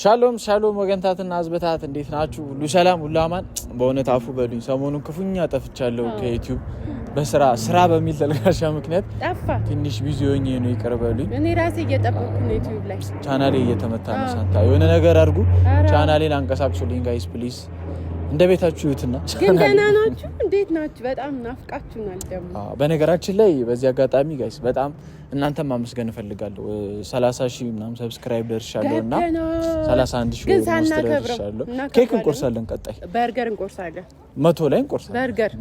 ሻሎም ሻሎም ወገንታትና አዝበታት እንዴት ናችሁ? ሁሉ ሰላም ሁሉ አማን። በእውነት አፉ በሉኝ፣ ሰሞኑን ክፉኛ ጠፍቻለሁ ከዩቲዩብ በስራ ስራ በሚል ተልጋሻ ምክንያት ትንሽ ቢዚ ሆኜ ነው፣ ይቅር በሉኝ። እኔ ራሴ እየጠበኩ ነው፣ ዩቲዩብ ላይ ቻናሌ እየተመታ ነው። ሳንታ የሆነ ነገር አድርጉ፣ ቻናሌን አንቀሳቅሱልኝ ጋይስ ፕሊስ። እንደ ቤታችሁ ይሁትና ግን ደህና ናችሁ? እንዴት ናችሁ? በጣም ናፍቃችሁናል። ደግሞ በነገራችን ላይ በዚህ አጋጣሚ ጋይስ በጣም እናንተም ማመስገን እፈልጋለሁ። ሰላሳ ሺህ ምናምን ሰብስክራይብ ደርሻለሁ እና ሰላሳ አንድ ሺህ ደርሻለሁ። ኬክ እንቆርሳለን፣ ቀጣይ በርገር እንቆርሳለን፣ መቶ ላይ እንቆርሳለን፣ በርገር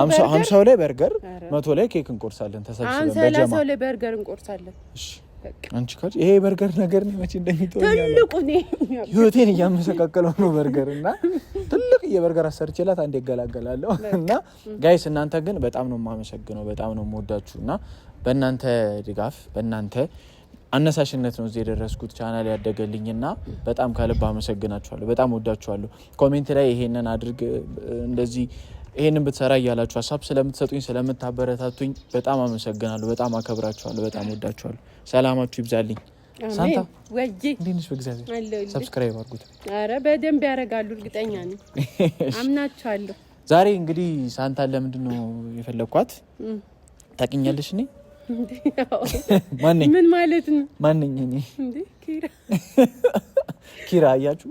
ሀምሳው ላይ በርገር፣ መቶ ላይ ኬክ እንቆርሳለን። ተሰብስበን በጀማ ሰላሳው ላይ በርገር እንቆርሳለን። እሺ አንቺ ካድ ይሄ በርገር ነገር ነው መቼ እንደሚጠው ትልቁ ነው ህይወቴን እያመሰቃቀለው ነው በርገር እና ትልቅ የበርገር አሰርቼላት አንድ ይገላገላለሁ። እና ጋይስ እናንተ ግን በጣም ነው የማመሰግነው፣ በጣም ነው የምወዳችሁ እና በእናንተ ድጋፍ በእናንተ አነሳሽነት ነው እዚህ የደረስኩት ቻናል ያደገልኝና በጣም ከልብ አመሰግናችኋለሁ። በጣም ወዳችኋለሁ። ኮሜንት ላይ ይሄንን አድርግ እንደዚህ ይህንን ብትሰራ እያላችሁ ሀሳብ ስለምትሰጡኝ ስለምታበረታቱኝ በጣም አመሰግናለሁ። በጣም አከብራችኋለሁ። በጣም ወዳችኋለሁ። ሰላማችሁ ይብዛልኝ። ሳንታ እንዴንሽ? በእግዚአብሔር ሰብስክራይብ አድርጉት። ኧረ በደንብ ያደርጋሉ፣ እርግጠኛ ነኝ። አምናችኋለሁ። ዛሬ እንግዲህ ሳንታን ለምንድን ነው የፈለግኳት? ታውቂኛለሽ? እኔ ማነኝ? ምን ማለት ነው? ማነኝ? እኔ ኪራ። አያችሁ፣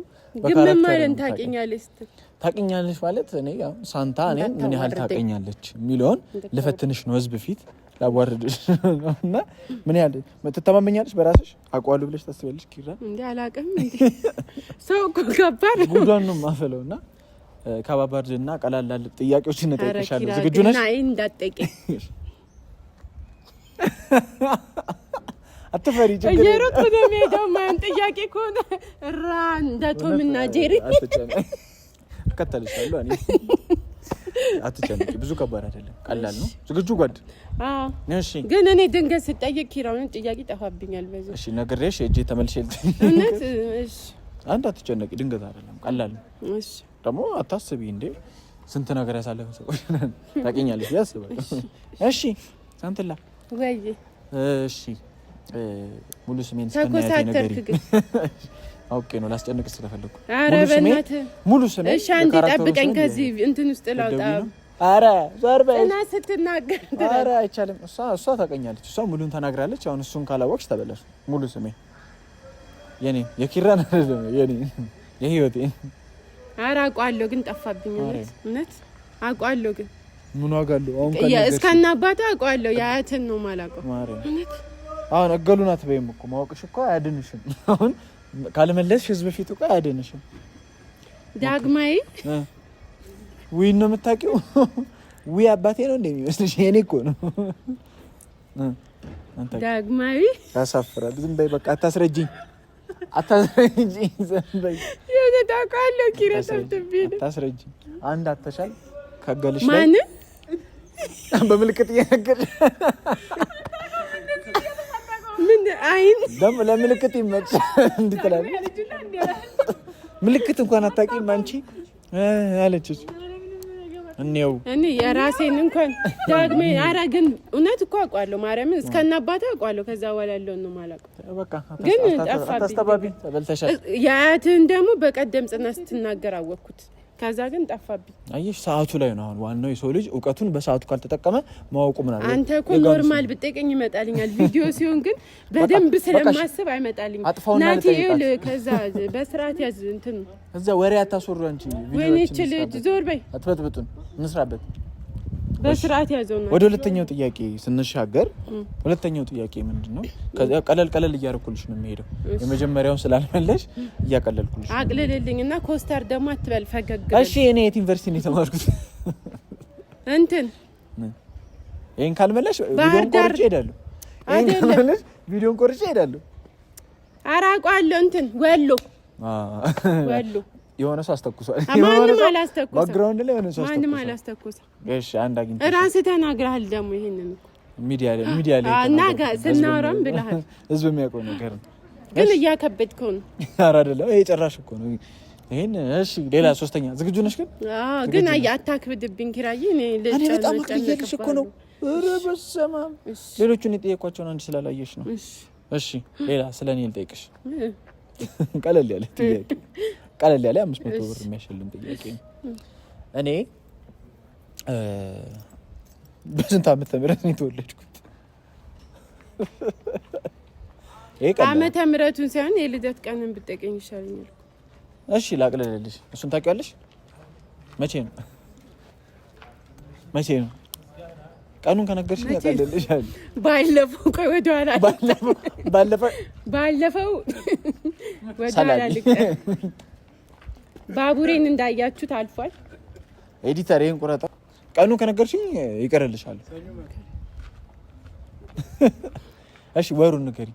ግን ምን ማለት ታውቂኛለሽ ስትል ታቀኛለች ማለት እኔ ያው ሳንታ እኔ ምን ያህል ታቀኛለች የሚለውን ልፈትንሽ ነው ህዝብ ፊት ላዋርድሽ እና ምን ያህል ትተማመኛለች በራስሽ አቋሉ ብለሽ ታስቢያለሽ? ኪራ እንዲ አላቅም ሰው ከባድ ጉዷን ነው ማፈለው እና ከባባድ እና ቀላል ጥያቄዎች እንጠይቅሻለሁ። ዝግጁ ነሽ? እንዳጠቂ አትፈሪ። እየሮጥ ነው የሚሄደው። ማን ጥያቄ ከሆነ ራ እንደ ቶም እና ጄሪ እከተልሻለሁ። እኔ አትጨነቂ፣ ብዙ ከባድ አይደለም፣ ቀላል ነው። ዝግጁ ጓድ? እሺ። ግን እኔ ድንገት ስጠይቅ ኪራውን ጥያቄ ጠፋብኛል። በዚህ እሺ፣ ነግሬሽ እጄ ተመልሼ እውነት። እሺ፣ አንድ አትጨነቂ፣ ድንገት አይደለም፣ ቀላል ነው። እሺ፣ ደግሞ አታስቢ እንዴ ስንት ነገር ያሳለፈ ሰዎች ታውቂኛለሽ ያስባል። እሺ ሳንትላ ወይ እሺ ሙሉ ስሜን ስናያት ነገር አውቄ ነው ላስጨንቅ ስለፈለኩ። ኧረ በእናትህ ሙሉ ስሜ እሺ፣ አንዴ ጠብቀኝ ከዚህ እንትን ውስጥ ላውጣ። አረ ዞር በይ እና ስትናገር አረ አይቻልም። እሷ እሷ ታውቀኛለች። እሷ ሙሉን ተናግራለች። አሁን እሱን ካላወቅሽ ተበላሽ። ሙሉ ስሜ የኔ የኪራን አይደለም የኔ የህይወቴ። አረ አውቀዋለሁ ግን ጠፋብኝ። እውነት አውቀዋለሁ ግን ምን ዋጋ አለው አሁን እስከና አባቱ አውቀዋለሁ። የአያትን ነው የማላውቀው እውነት። አሁን እገሉ ናት በይም እኮ ማወቅሽ እኮ አያድንሽም አሁን ካልመለስሽ ህዝብ ፊት እኮ አያደንሽም። ዳግማይ ውይ ነው የምታውቂው? ውይ አባቴ ነው እንደሚመስልሽ የኔ እኮ ነው። ዳግማዊ ያሳፍራል። ዝም በይ በቃ አታስረጅኝ፣ አታስረጅኝ። ዝም በይ የሆነ ሰብትብኝ አታስረጅኝ። አንድ አተሻል ላይ በምልክት እየነገርሽ አይን ለምልክት ይመችል እንድትላል ምልክት እንኳን አታውቂም አንቺ አለችሽ። እኔው እኔ የራሴን እንኳን ዳግሜ ኧረ ግን እውነት እኮ አውቀዋለሁ፣ ማርያምን እስከና አባቴ አውቀዋለሁ። ከዛ በኋላ ያለውን ነው የማላውቀው፣ ግን ጠፋብኝ። የአያትህን ደግሞ በቀደም ጽና ስትናገር አወቅኩት። ከዛ ግን ጠፋብኝ። አየሽ ሰዓቱ ላይ ነው አሁን ዋናው። የሰው ልጅ እውቀቱን በሰዓቱ ካልተጠቀመ ማወቁ ምን አለ? አንተ እኮ ኖርማል ብጠቀኝ ይመጣልኛል፣ ቪዲዮ ሲሆን ግን በደንብ ስለማስብ አይመጣልኝ። ይል። ከዛ በስርዓት ያዝ እንትን እዛ ወሬ አታስወሩ አንቺ። ወይኔ ልጅ ዞር በይ። አትበጥብጡን እንስራበት በስርዓት ያዘው። ወደ ሁለተኛው ጥያቄ ስንሻገር ሁለተኛው ጥያቄ ምንድን ነው? ቀለል ቀለል እያደረኩልሽ ነው የሚሄደው። የመጀመሪያውን ስላልመለሽ እያቀለልኩልሽ አቅልልልኝ እና ኮስተር ደግሞ አትበል ፈገግ። እሺ እኔ የት ዩኒቨርሲቲ ነው የተማርኩት? እንትን ይህን ካልመለሽ ቪዲዮን ቆርጬ ሄዳለሁ። ይህን ካልመለሽ ቪዲዮን ቆርጬ ሄዳለሁ። አራቋለሁ እንትን ወሎ ወሎ የሆነ ሰው አስተኩሷል። ማንም አላስተኩሰም። ባክግራውንድ ላይ የሆነ ሰው ማንም እሺ አንድ አግኝተሽ ተናግረሃል። ደግሞ ይሄንን ሚዲያ ላይ ሚዲያ ላይ እና ስናወራም ብለሃል። ህዝብ የሚያውቀው ነገር ግን እያከበድከው ነው። ኧረ አይደለም፣ ይሄ ጭራሽ እኮ ነው። ይሄን እሺ፣ ሌላ ሶስተኛ ዝግጁ ነሽ? ግን ግን አይ አታክብድብኝ ኪራዬ። እኔ በጣም እኮ ነው። ኧረ በስመ አብ። ሌሎቹን የጠየኳቸውን አንድ ስላላየሽ ነው። እሺ፣ ሌላ ስለኔ ልጠይቅሽ። ቀለል ያለ ጥያቄ ቀለል ያለ አምስት መቶ ብር የሚያሸልም ጥያቄ ነው። እኔ በስንት ዓመተ ምህረት ነው የተወለድኩት? ዓመተ ምህረቱን ሳይሆን የልደት ቀንን ብጠቀኝ ይሻለኛል። እሺ ላቅልልልሽ። እሱን ታውቂዋለሽ? መቼ ነው መቼ ነው ቀኑን ከነገርሽ ያቀልልሻል። ባለፈው ቆይ ወደኋላ ባለፈው ባለፈው ወደኋላ ልቀ ባቡሬን እንዳያችሁት አልፏል። ኤዲተር ይህን ቁረጣ። ቀኑ ከነገርሽኝ ይቀርልሻል። እሺ ወሩን ንገሪ።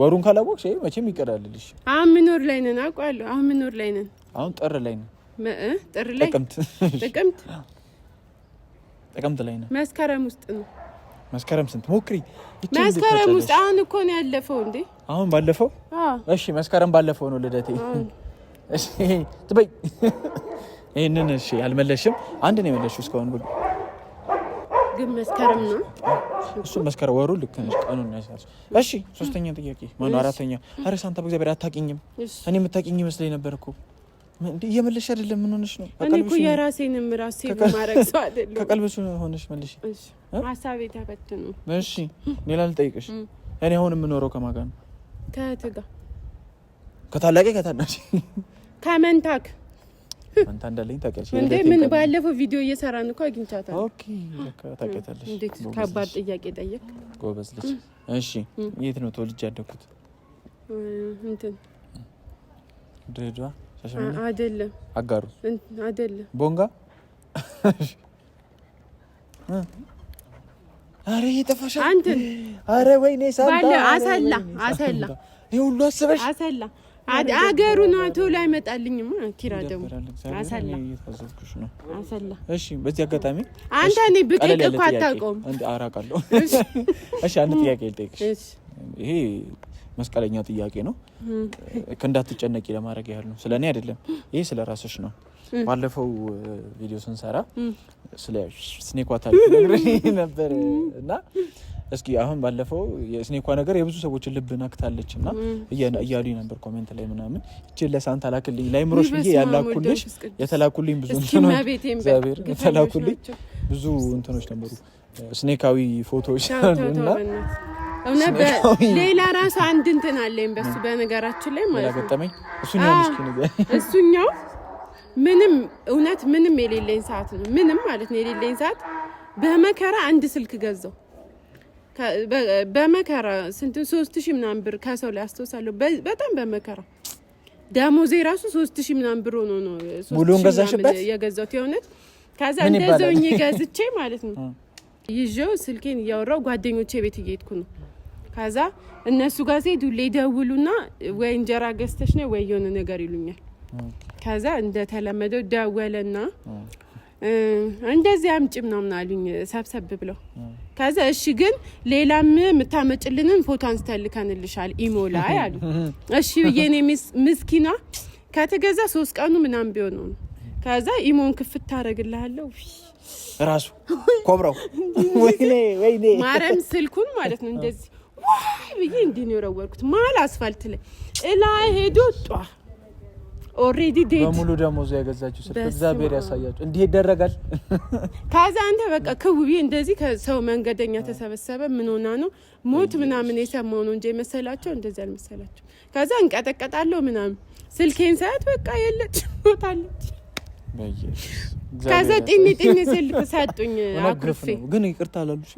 ወሩን ካላወቅሽ መቼም ይቀርልልሽ። አሁን ምን ወር ላይ ነን? አውቃለሁ። አሁን ምን ወር ላይ ነን? አሁን ጥር ላይ ነን። ጥር ላይ ጥቅምት ጥቅምት ጥቅምት ላይ ነን። መስከረም ውስጥ ነው። መስከረም ስንት ሞክሪ። መስከረም ውስጥ አሁን እኮ ነው ያለፈው እንዴ? አሁን ባለፈው። እሺ መስከረም ባለፈው ነው ልደቴ ትበይ ይህንን እሺ፣ አልመለሽም። አንድ ነው የመለሽው እስካሁን ግን መስከረም ነው እሱ መስከረም ወሩ ልክ ነሽ፣ ቀኑ ነው እሺ፣ ሶስተኛ ጥያቄ ማነው? አራተኛ አረስ፣ አንተ በእግዚአብሔር አታውቂኝም። እኔ የምታውቂኝ ይመስለኝ ነበር እኮ እየመለሽ አይደለም። ምን ሆነሽ ነው? እኔ እኮ የራሴንም ራሴ ማድረግ ሰው አይደለም። ከቀልብሽ ሆነሽ መልሽ። ሀሳቤ ተበትኑ። እሺ፣ ሌላ ልጠይቅሽ። እኔ አሁን የምኖረው ከማን ጋር ነው? ከእህት ጋር። ከታላቄ ከታናሽ ከመንታክ አንተ እንዳለኝ ታውቂያለሽ እንዴ? ምን ባለፈው ቪዲዮ እየሰራን እኮ አግኝቻታለሁ። ኦኬ ታውቂያታለሽ። እንዴት ከባድ ጥያቄ ጠየቅ። ጎበዝ ልጅ። እሺ የት ነው ተወልጄ ያደኩት? እንትን ድሬዳዋ ሻሸመኔ አይደለም። አጋሩ አይደለም። ቦንጋ አረ የጠፋሻል። አንተን አረ ወይኔ ሳባ አሰላ አሰላ ይሄ ሁሉ አስበሽ አሰላ አገሩ ነው ቶሎ አይመጣልኝም። ኪራ ደግሞ አሰላ እሺ፣ በዚህ አጋጣሚ አንተ እኔ እኮ አታውቀውም። አራቃለሁ። እሺ፣ አንድ ጥያቄ ልጠይቅሽ። ይሄ መስቀለኛ ጥያቄ ነው፣ እንዳትጨነቂ ለማድረግ ያህል ነው። ስለ እኔ አይደለም፣ ይሄ ስለ ራስሽ ነው። ባለፈው ቪዲዮ ስንሰራ ስለ ነበር እና እስኪ አሁን ባለፈው የስኔኳ ነገር የብዙ ሰዎችን ልብ ነክታለች እና እያሉ ነበር ኮሜንት ላይ ምናምን እችን ለሳንት አላክልኝ ላይምሮሽ ብዬ ያላኩልሽ የተላኩልኝ ብዙ እግዚአብሔር የተላኩልኝ ብዙ እንትኖች ነበሩ። ስኔካዊ ፎቶዎች እና ሌላ ራሱ አንድ እንትን አለኝ በሱ በነገራችን ላይ ማለት ነው ገጠመኝ እሱኛው ምንም እውነት ምንም የሌለኝ ሰዓት ነው ምንም ማለት ነው የሌለኝ ሰዓት በመከራ አንድ ስልክ ገዛው። በመከራ ስንት ሶስት ሺህ ምናምን ብር ከሰው ላይ አስተውሳለሁ። በጣም በመከራ ደሞዜ ራሱ ሶስት ሺህ ምናምን ብሮ ሆኖ ነው ሙሉውን ገዛሽበት? የገዛሁት የእውነት ከዛ እንደዘውኝ ገዝቼ ማለት ነው ይዤው ስልኬን እያወራው ጓደኞቼ ቤት እየሄድኩ ነው። ከዛ እነሱ ጋር ሲሄዱ ሊደውሉና ወይ እንጀራ ገዝተሽ ነው ወይ የሆነ ነገር ይሉኛል። ከዛ እንደተለመደው ደወለና እንደዚህ አምጪ ምናምን አሉኝ ሰብሰብ ብለው። ከዛ እሺ ግን ሌላም የምታመጭልንን ፎቶ አንስተን ልከንልሻል ኢሞ ላይ አሉ። እሺ ብዬኔ ምስኪና ከተገዛ ሶስት ቀኑ ምናምን ቢሆን ነው። ከዛ ኢሞን ክፍት ታደረግልሃለሁ ራሱ ኮብረው ማረም ስልኩን ማለት ነው እንደዚህ ዋይ ብዬ እንዲህ ነው የወረወርኩት መሀል አስፋልት ላይ እላይ ሄዶ ጧ ኦሬዲ ዴት በሙሉ ደሞዝ ያገዛችሁ ስልክ እግዚአብሔር ያሳያችሁ። እንዲህ ይደረጋል። ከዛ አንተ በቃ ክውቢ እንደዚህ ከሰው መንገደኛ ተሰበሰበ። ምን ሆና ነው ሞት ምናምን የሰማው ነው እንጂ የመሰላቸው እንደዚህ አልመሰላቸው። ከዛ እንቀጠቀጣለሁ ምናምን ስልኬን ሰዓት በቃ የለች ሞታለች። ከዛ ጤኔ ጤኔ ስልክ ሰጡኝ አኩርፌ ግን ይቅርታ አላሉሽ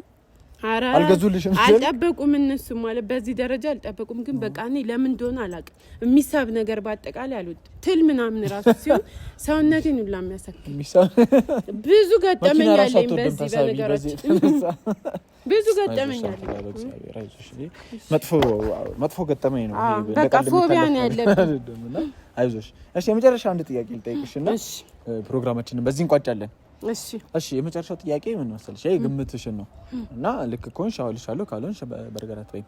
አልገዙልሽም? አልጠበቁም። እነሱ ማለት በዚህ ደረጃ አልጠበቁም። ግን በቃ እኔ ለምን እንደሆነ አላውቅም። የሚሳብ ነገር በአጠቃላይ አልወድም። ትል ምናምን ራሱ ሲሆን ሰውነቴን ሁላ የሚያሳክል ብዙ ገጠመኝ አለኝ። በዚህ በነገራችን ብዙ ገጠመኝ አለኝ። መጥፎ ገጠመኝ ነው። በቃ ፎቢያ ነው ያለብኝ። አይዞሽ። እሺ፣ የመጨረሻ አንድ ጥያቄ ልጠይቅሽ እና ፕሮግራማችንን በዚህ እንቋጫለን። እሺ እሺ፣ የመጨረሻው ጥያቄ ምን መሰለሽ፣ አይ ግምትሽን ነው እና ልክ ከሆንሽ አወልሻለሁ፣ ካልሆንሽ በርገራት ወይም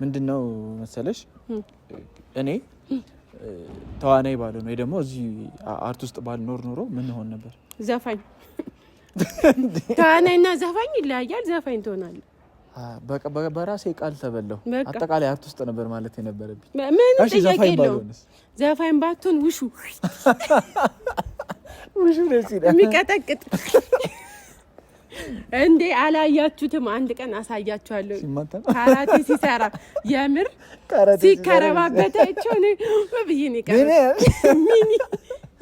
ምንድን ነው መሰለሽ እኔ ተዋናይ ባልሆን ወይ ደግሞ እዚህ አርት ውስጥ ባልኖር ኖሮ ምን ሆን ነበር? ዘፋኝ። ተዋናይና ዘፋኝ ይለያያል። ዘፋኝ ትሆናለህ። በራሴ ቃል ተበለው አጠቃላይ አርት ውስጥ ነበር ማለት የነበረብኝ። ምን ጥያቄ የለውም። ዘፋኝ ባትሆን ውሹ የሚቀጠቅጥ እንዴ አላያችሁትም? አንድ ቀን አሳያችኋለሁ። ካራቴ ሲሰራ የምር ሲከረባበታቸው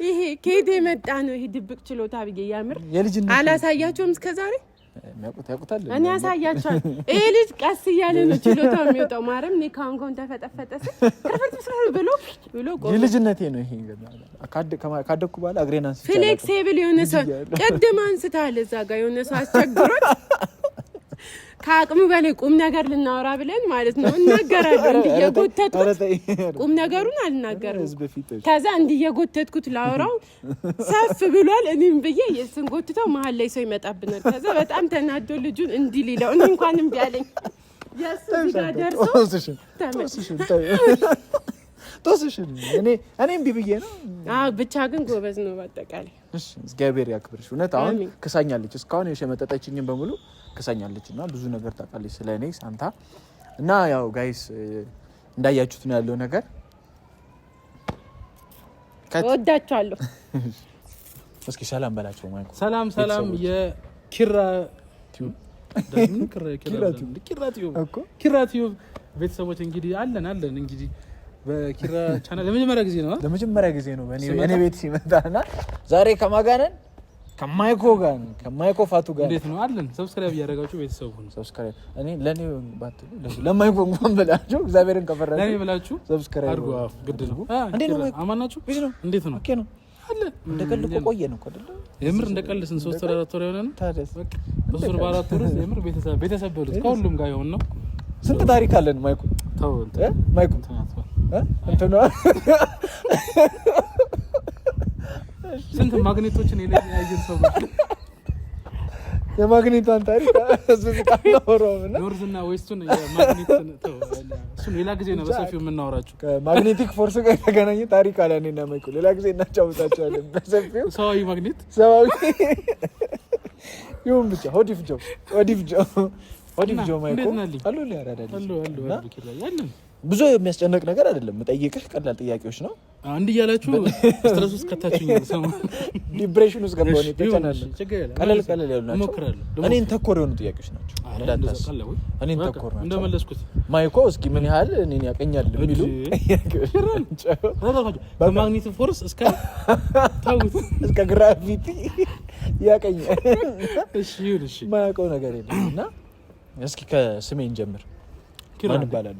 ይሄ ከየት የመጣ ነው ይሄ ድብቅ ችሎታ ብዬ የምር አላሳያችሁም እስከዛሬ የሚያውቁት ያውቁታል። እኔ ያሳያቸዋል። ይህ ልጅ ቀስ እያለ ነው ችሎታ የሚወጣው። ማርያም እኔ ካሁን ካሁን ተፈጠፈጠ ብሎ ብሎ የልጅነቴ ነው ይሄ ካደግኩ በኋላ አንስቼ ፍሌክሲብል የሆነ ሰው ቅድም እዛ ጋር የሆነ ሰው አስቸግሮት ከአቅም በላይ ቁም ነገር ልናወራ ብለን ማለት ነው። እናገራለሁ እንዲየጎተትኩት ቁም ነገሩን አልናገርም። ከዛ እንዲየጎተትኩት ላወራው ሰፍ ብሏል። እኔም ብዬ የስን ጎትተው መሀል ላይ ሰው ይመጣብናል። ከዛ በጣም ተናዶ ልጁን እንዲህ ሊለው እኔ እንኳን እምቢ አለኝ። የእሱ ጋ ደርሶ ጦስሽን እኔ እኔ እኔም ብዬ ነው። ብቻ ግን ጎበዝ ነው በአጠቃላይ። እግዚአብሔር ያክብርሽ። እውነት አሁን ክሳኛለች፣ እስካሁን የሸመጠጠችኝን በሙሉ ክሳኛለች እና ብዙ ነገር ታውቃለች ስለ እኔ ሳንታ እና ያው ጋይስ እንዳያችሁት ነው ያለው ነገር። ወዳችኋለሁ። እስኪ ሰላም በላቸው። ሰላም ሰላም። የኪራ ኪራ ቲዩብ ቤተሰቦች እንግዲህ አለን አለን እንግዲህ በኪራ ቻናል ለመጀመሪያ ጊዜ ነው ለመጀመሪያ ጊዜ ነው እኔ ቤት ሲመጣ እና ዛሬ ከማጋነን ከማይኮ ጋር ከማይኮ ፋቱ ጋር እንዴት ነው አለን። ሰብስክራይብ እያደረጋችሁ ቤተሰቡ ነው ሰብስክራይብ እኔ ለእኔ ለማይኮ እንኳን ብላችሁ እግዚአብሔርን ከፈራ ለእኔ ብላችሁ ሰብስክራይብ አድርጉ። ግድ ነው። እንዴት ነው አማናችሁ? እንዴት ነው? ኦኬ ነው አለ እንደ ቀልድ እኮ ቆየ ነው የምር እንደ ቀልድ ስንት ሶስት ወር አራት ወር የሆነ ነው በሶስት ወር አራት ወር የምር ቤተሰብ ቤተሰብ በሉት ከሁሉም ጋር የሆን ነው። ስንት ታሪክ አለን ማይኮ ማይኮ እንትና ስንት ማግኔቶችን የለያየን ሰው የማግኔቷን ታሪክ ሌላ ጊዜ ነው በሰፊው ማግኔቲክ ፎርስ ጋር የተገናኘ ታሪክ አለ። እኔና ሌላ ጊዜ በሰፊው። ሰዋዊ ማግኔት ሰዋዊ ይሁን ብቻ ሆዲፍ ጆ ሆዲፍ ጆ ሆዲፍ ጆ ማይኩ አሉ ያራዳል አሉ አሉ ያለን ብዙ የሚያስጨነቅ ነገር አይደለም። መጠየቅህ ቀላል ጥያቄዎች ነው። አንድ እያላችሁ ስትረስ ውስጥ ከታችሁኝ ዲፕሬሽን ውስጥ ገባ ቀለል ቀለል ያሉ ናቸው። እኔን ተኮር የሆኑ ጥያቄዎች ናቸው። እኔን ተኮር ናቸው። እንደመለስኩት ማይኮ እስኪ ምን ያህል እኔን ያቀኛል የሚሉ ማግኒት ፎርስ እስከ እስከ ግራቪቲ ያቀኛል ማያውቀው ነገር የለም እና እስኪ ከስሜን ጀምር ማን ይባላሉ?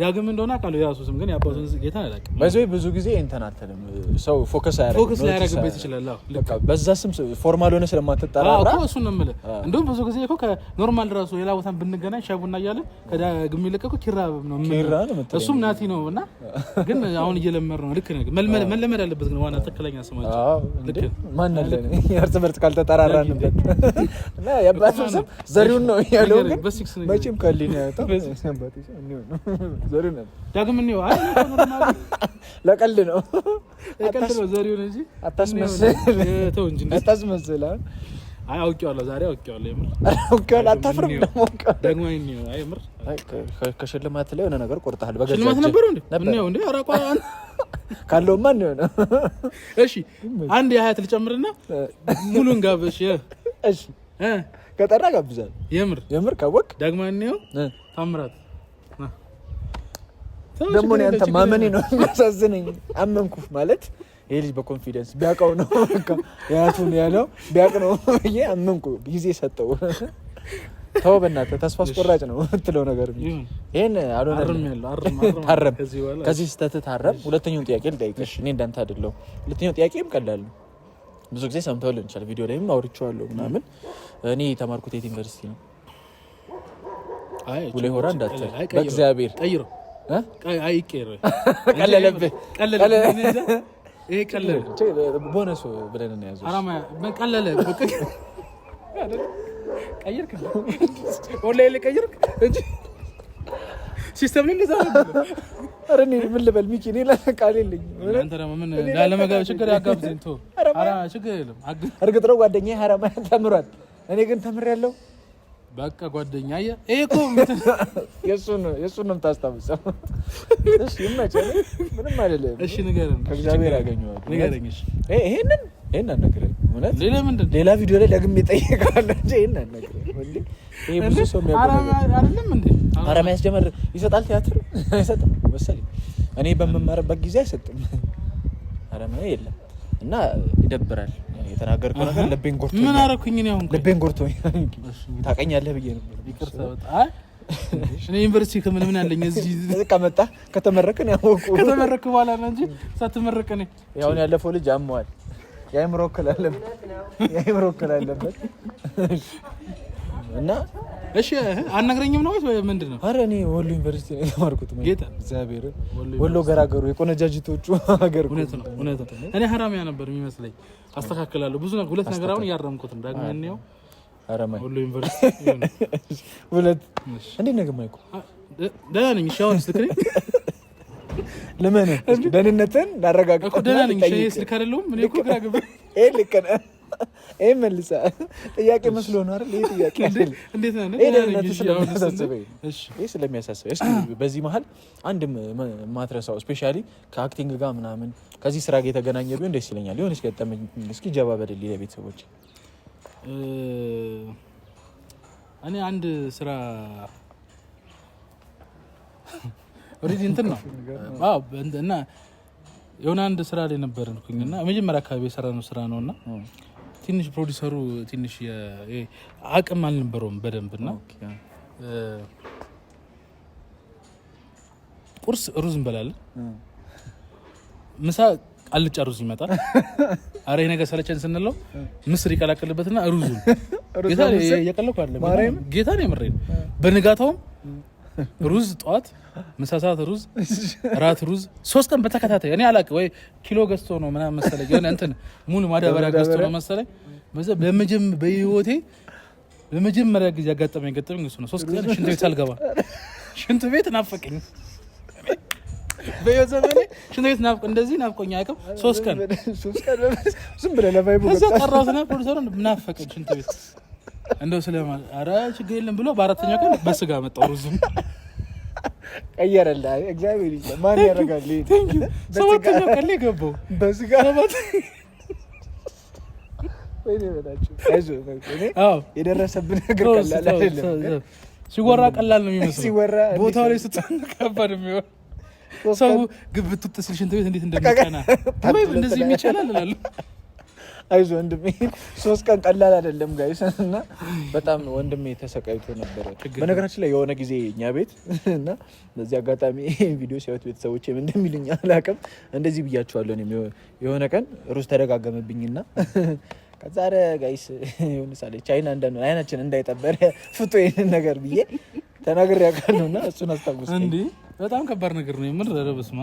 ዳግም እንደሆነ አውቃለሁ። የራሱ ስም ግን የአባቱን ጌታ አላውቅም። በዚህ ብዙ ጊዜ እንትን አትልም፣ ሰው ፎከስ ላያደርግበት ይችላል። በዛ ስም ፎርማል ሆነ ስለማትጠራ እኮ እሱ ነው የምልህ። እንደውም ብዙ ጊዜ እኮ ከኖርማል ራሱ ሌላ ቦታን ብንገናኝ ሻቡና እያለ ከዳግም የሚለቀቁ ኪራ ነው እሱም ናቲ ነው። እና ግን አሁን እየለመር ነው። ልክ ነህ። መለመድ አለበት ግን ዋና ትክክለኛ ስማቸው ማን አለ በርስ ካልተጠራራንበት የአባቱ ስም ዘሪውን ነው ያለው ግን መቼም ከሊን ያወጣ ለቀልድ ነው ነው ዘሪው ዘሪሁን እንጂ አታስመስል። አይ አውቄዋለሁ፣ ዛሬ አውቄዋለሁ። የምር አውቄዋለሁ። አታፍርም ደግሞ ደግሞ የምር ከሽልማት ላይ የሆነ ነገር ቆርጠሃል። በገዛ ሽልማት ነበረው እንዴ? ምነው እንዴ? ኧረ ቆይ ካለው ማን የሆነ እሺ፣ አንድ የሀያት ልጨምርና ሙሉን ጋብሽ። እሺ፣ ከጠራ ጋብዛል። የምር የምር ካወቅ ደግማ ነው ታምራት ደግሞ ያንተ ማመኔ ነው የሚያሳዝነኝ። አመንኩ ማለት ይህ ልጅ በኮንፊደንስ ቢያውቀው ነው ያቱን ያለው ቢያውቅ ነው ብዬ አመንኩ። ጊዜ ሰጠው። ተው በእናትህ ተስፋ አስቆራጭ ነው የምትለው ነገር ይህን ታረም፣ ከዚህ ስህተት ታረም። ሁለተኛውን ጥያቄ ልጠይቅሽ። እኔ እንዳንተ አይደለሁ። ሁለተኛው ጥያቄም ቀላል ነው። ብዙ ጊዜ ሰምተው ልን ይችላል። ቪዲዮ ላይም አውርቼዋለሁ ምናምን። እኔ የተማርኩት የት ዩኒቨርሲቲ ነው? ሁሌ ሆራ እንዳትል በእግዚአብሔር ሲስተም ቦነሱ ብለን እናያዘው። ቀለለ ላይ ቀይርክ እንጂ ሲስተም ምን ልበል ሚኪ፣ እኔ ቃል የለኝም። ችግር ያጋብዘኝ። ችግር የለም። እርግጥ ነው ጓደኛዬ ሀራማ ተምሯል። እኔ ግን ተምሬያለሁ በቃ ጓደኛ ይሄ እኮ የእሱን የእሱን ነው የምታስታውሰው። እሺ ይመቸኝ፣ ምንም አይደለም። እሺ ከእግዚአብሔር ንገረኝ። እሺ ይሄንን ይሄን እውነት ሌላ ምንድን ሌላ ቪዲዮ ላይ ደግሜ እጠይቅሃለሁ እንጂ ይሄን ይሄ ብዙ ሰው አይደለም እንዴ? ኧረ የሚያስጀምር ይሰጣል። ቲያትር አይሰጥም መሰለኝ እኔ በምማርበት ጊዜ አይሰጥም። ኧረ የለም እና ይደብራል የተናገርከው ነገር ልቤን ጎርቶ ምን አደረኩኝ? ነው አሁን ልቤን ጎርቶ ታውቀኛለህ ብዬ ነበር። ይቅርታ በጣም እኔ ዩኒቨርሲቲ ከምን ምን ያለኝ እዚህ ከመጣ ከተመረቅን ያወቁ ከተመረቅ በኋላ ነው እንጂ ሳትመረቅ ነው። ያሁን ያለፈው ልጅ አመዋል። የአእምሮ እክል አለበት። የአእምሮ እክል አለበት። እና እሺ አልነግረኝም ነው ወይስ ምንድን ነው? ኧረ እኔ ወሎ ዩኒቨርሲቲ ነው የተማርኩት። ጌታ እግዚአብሔር ወሎ ገራገሩ የቆነጃጅቶቹ ሀገር እውነት ነው፣ እውነት ነው። እኔ ሀራሚያ ነበር የሚመስለኝ። አስተካክላለሁ። ብዙ ነገር ሁለት ነገር አሁን እያረምኩት ነው። ዳግም እንየው ሀራማይ ወሎ ዩኒቨርሲቲ ሁለት። እንዴት ነው ግማይኩ? ደህና ነኝ። ሻውን አሁን ስትክሪ ለምን ደህንነትን ላረጋግጥ እኮ ደህና ነኝ። ሻይ ስልክ አይደለሁም እኔ እኮ ግራ ገባኝ። ይሄ ልክ ነህ ይህ መልሰ ጥያቄ መስሎ ነው አይደል? ይህ ጥያቄ ስለሚያሳስበኝ በዚህ መሀል አንድ ማትረሳው ስፔሻሊ ከአክቲንግ ጋር ምናምን ከዚህ ስራ ጋር የተገናኘ ቢሆን ደስ ይለኛል። ሊሆን እስገጠመኝ እስኪ ጀባ በደል ለቤተሰቦች እኔ አንድ ስራ ኦልሬዲ እንትን ነው እና የሆነ አንድ ስራ ላይ ነበርኩኝ እና መጀመሪያ አካባቢ የሰራነው ስራ ነው እና ትንሽ ፕሮዲሰሩ ትንሽ አቅም አልነበረውም በደንብ እና ቁርስ ሩዝ እንበላለን፣ ምሳ አልጫ ሩዝ ይመጣል። አረ ነገር ሰለቸን ስንለው ምስር ይቀላቀልበትና ሩዙን ጌታ የቀለኩ አለ ጌታ ነው የምሬን በንጋታውም ሩዝ ጠዋት፣ ምሳሳት ሩዝ፣ ራት ሩዝ፣ ሶስት ቀን በተከታታይ እኔ አላቅም ወይ ኪሎ ገዝቶ ነው ምናምን መሰለኝ የሆነ እንትን ሙሉ ማዳበሪያ ገዝቶ ነው መሰለኝ። በህይወቴ በመጀመሪያ ጊዜ ያጋጠመኝ ገጠመኝ እሱ ነው። ሶስት ቀን ሽንት ቤት አልገባ ሽንት ቤት ናፈቀኝ። በህይወት ሽንት ቤት ናፍቆ እንደዚህ ናፍቆኝ አያውቅም። ሶስት ቀን ዝም ብለህ ለቫይቡ ቀረሁት ና ናፈቀኝ ሽንት ቤት እንደው ስለማል አረ ችግር የለም ብሎ በአራተኛው ቀን በስጋ መጣው ሩዙም ቀየረልህ። እግዚአብሔር ይመስገን። ማን ያደርጋል? ሰባተኛው ቀን ላይ ገባው በስጋ የደረሰብን ነገር ቀላል አይደለም። ሲወራ ቀላል ነው የሚመስለው፣ ቦታው ላይ ስትሆን ከባድ የሚሆን ሰው ግብት ውጥ ስል ሽንት ቤት እንዴት እንደሚቀና ወይ እንደዚህ የሚቻላል እላለሁ አይዞ ወንድሜ፣ ሶስት ቀን ቀላል አይደለም ጋይስ። እና በጣም ወንድሜ ተሰቃይቶ ነበረ። በነገራችን ላይ የሆነ ጊዜ እኛ ቤት እና በዚህ አጋጣሚ ቪዲዮ ሲያዩት ቤተሰቦች ምን እንደሚሉኝ አላውቅም፣ እንደዚህ ብያቸዋለሁ። የሆነ ቀን ሩዝ ተደጋገመብኝና ከዛ ኧረ ጋይስ የሆነ ሳለች አይን አንዳንዱ አይናችን እንዳይጠበረ ፍቶ ይህንን ነገር ብዬ ተናግሬ አውቃለሁ። እና እሱን አስታውሰኝ በጣም ከባድ ነገር ነው የምር። ኧረ በስመ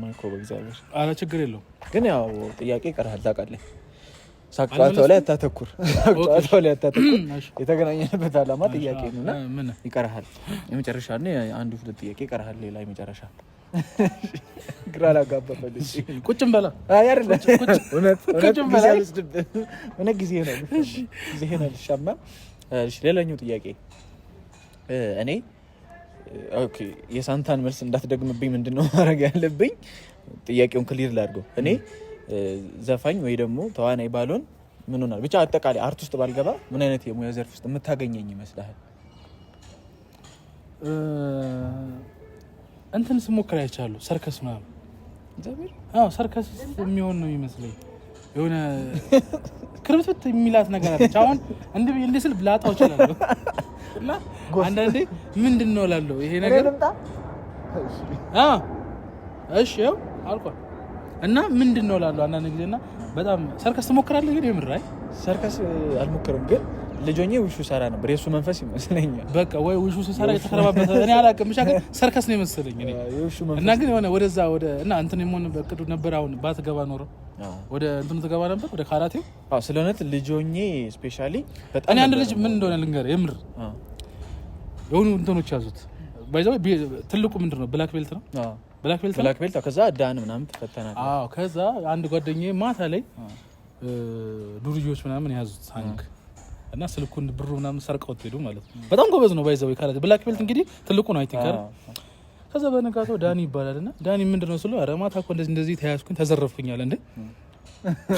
ማይኮ በእግዚአብሔር። ኧረ ችግር የለውም ግን ያው ጥያቄ ቀርሃል ታውቃለህ ሳቅጨዋታው ላይ አታተኩር፣ ሳቅጨዋታው ላይ አታተኩር። የተገናኘንበት አላማ ጥያቄ ነው ነውና ይቀርሃል። የመጨረሻ አንድ ሁለት ጥያቄ ይቀርሃል። ሌላ የመጨረሻ ግራ ላጋባበል ቁጭም በላ ሆነ ጊዜ ነው ጊዜ ነው ልሻማ። ሌላኛው ጥያቄ እኔ ኦኬ የሳንታን መልስ እንዳትደግምብኝ ምንድን ነው ማድረግ ያለብኝ? ጥያቄውን ክሊር ላድርገው እኔ ዘፋኝ ወይ ደግሞ ተዋናይ ባልሆን ምን ሆናል? ብቻ አጠቃላይ አርት ውስጥ ባልገባ ምን አይነት የሙያ ዘርፍ ውስጥ የምታገኘኝ ይመስልሃል? እንትን ስሞክር አይቻሉ ሰርከስ ነው አዎ፣ ሰርከስ የሚሆን ነው ይመስለኝ። የሆነ ክርብትብት የሚላት ነገር አለች። አሁን እንዲህ ስል ብላጣው እችላለሁ እና አንዳንዴ ምንድን ነው እላለሁ ይሄ ነገር እሺ፣ ያው አልኳል እና ምንድን ነው ላሉ አንዳንድ ጊዜ እና በጣም ሰርከስ ትሞክራለህ? ግን የምር አይ ሰርከስ አልሞክርም፣ ግን ልጆኜ ውሹ ሰራ ነበር። የእሱ መንፈስ ይመስለኛል። በቃ ወይ ውሹ ሲሰራ የተከረባበት እኔ አላውቅም፣ ብቻ ግን ሰርከስ ነው የመሰለኝ እና ግን የሆነ ወደዛ ወደ እና እንትን የሆን በቅዱ ነበር። አሁን ባትገባ ኖረ ወደ እንትኑ ትገባ ነበር፣ ወደ ካራቴው። ስለ እውነት ልጆኜ ስፔሻሊ በጣም እኔ አንድ ልጅ ምን እንደሆነ ልንገርህ፣ የምር የሆኑ እንትኖች ያዙት። ትልቁ ምንድን ነው ብላክ ቤልት ነው ብላክ ቤልት ብላክ ቤልት። ከዛ ዳን ምናምን ተፈተናል። አዎ። ከዛ አንድ ጓደኛዬ ማታ ላይ ዱርዮች ምናምን ያዙት ሳንክ እና ስልኩን ብሩ ምናምን ሰርቀው ሄዱ ማለት ነው። በጣም ጎበዝ ነው ባይዘው ካላት ብላክ ቤልት እንግዲህ ትልቁ ነው አይቲንክ አይደል? ከዛ በነጋታው ዳኒ ይባላል እና ዳኒ ምንድን ነው ስለው ኧረ ማታ እኮ እንደዚህ እንደዚህ ተያዝኩኝ ተዘረፍኩኛል እንዴ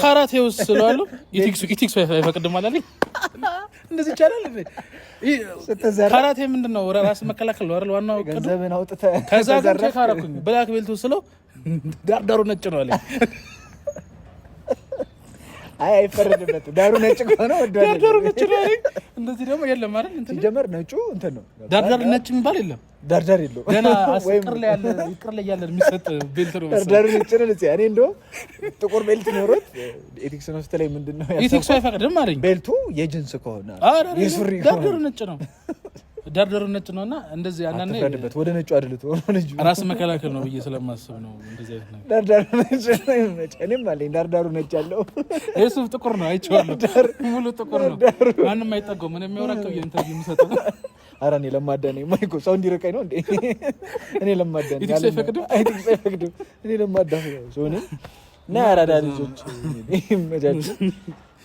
ካራቴ ውስጥ ስለዋለሁ ኢቲክስ ኢቲክሱ አይፈቅድም አላለኝ እንደዚህ ይቻላል። ካራቴ ምንድን ነው? ራስ መከላከል ነው። ዋናው ከዛ ጋር ካረኩኝ ብላክ ቤልቱ ስለው ዳርዳሩ ነጭ ነው አለኝ። አይ አይፈረድበትም። ዳሩ ነጭ ከሆነ ዳሩ ነጭ ነው። እንደዚህ ደግሞ የለም አይደል? ሲጀመር ነጩ እንትን ነው። ዳርዳር ነጭ የሚባል የለም። ዳርዳር የለው ገና ቅር ላይ ያለን የሚሰጥ ቤልት ነው። ዳርዳሩ ነጭ ነው። እኔ እንደውም ጥቁር ቤልት ኖሮት ኤቲክስ ነው ስትለኝ ምንድን ነው ኤቲክሱ አይፈቅድም አለኝ። ቤልቱ የጅንስ ከሆነ የሱሪ ዳርዳሩ ነጭ ነው። ዳርዳርነት ነው እና እንደዚህ አንዳንዴ ወደ ነጩ አድልቶ ራስ መከላከል ነው ብዬ ስለማስብ ነው እንደዚህ አይነት ነጭ እኔም አለኝ። ዳርዳሩ ነጭ አለው። የሱፍ ጥቁር ነው አይቼዋለሁ። ሙሉ ጥቁር ነው። ማንም አይጠጋውም። ምን የሚያወራቀው የኢንተርቪው የሚሰጠው ኧረ እኔ ለማዳ ነኝ። ማይኮ ሰው እንዲርቀኝ ነው እንዴ? እኔ ለማዳ ነኝ። እኔ ለማዳ ሰው ነኝ እና ያራዳ ልጆች ይመቻችሁ።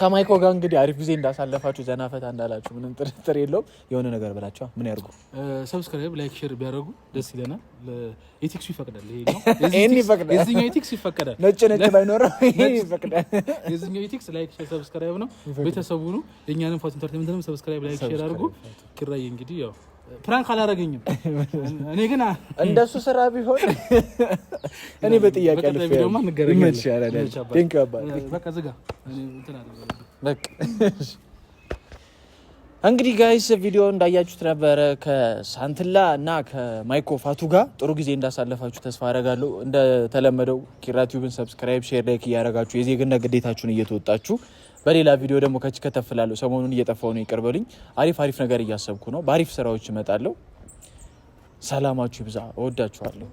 ከማይኮ ጋር እንግዲህ አሪፍ ጊዜ እንዳሳለፋችሁ ዘና ፈታ እንዳላችሁ ምንም ጥርጥር የለውም። የሆነ ነገር ብላችኋል። ምን ያርጉ? ሰብስክራይብ፣ ላይክ፣ ሼር ቢያደርጉ ደስ ይለናል። ኢቲክሱ ይፈቅዳል። ይሄን ይፈቅዳል። የዚኛው ኢቲክስ ይፈቅዳል። ነጭ ነጭ ባይኖረው ይፈቅዳል። የዚኛው ኢቲክስ ላይክ፣ ሼር፣ ሰብስክራይብ ነው። ቤተሰቡ ነው የእኛንም ፋስ ኢንተርቴንመንት ሰብስክራይብ፣ ላይክ፣ ሼር አድርጉ። ክራይ እንግዲህ ያው ፕራንክ አላረገኝም። እኔ ግን እንደሱ ስራ ቢሆን እኔ በጥያቄ እንግዲህ ጋይስ ቪዲዮ እንዳያችሁት ነበረ ከሳንትላ እና ከማይኮ ፋቱ ጋር ጥሩ ጊዜ እንዳሳለፋችሁ ተስፋ አረጋለሁ። እንደተለመደው ኪራቲዩብን ሰብስክራይብ፣ ሼር፣ ላይክ እያረጋችሁ የዜግነት ግዴታችሁን እየተወጣችሁ በሌላ ቪዲዮ ደግሞ ከች ከተፍላለሁ። ሰሞኑን እየጠፋው ነው፣ ይቀርበልኝ። አሪፍ አሪፍ ነገር እያሰብኩ ነው። በአሪፍ ስራዎች እመጣለሁ። ሰላማችሁ ይብዛ። እወዳችኋለሁ።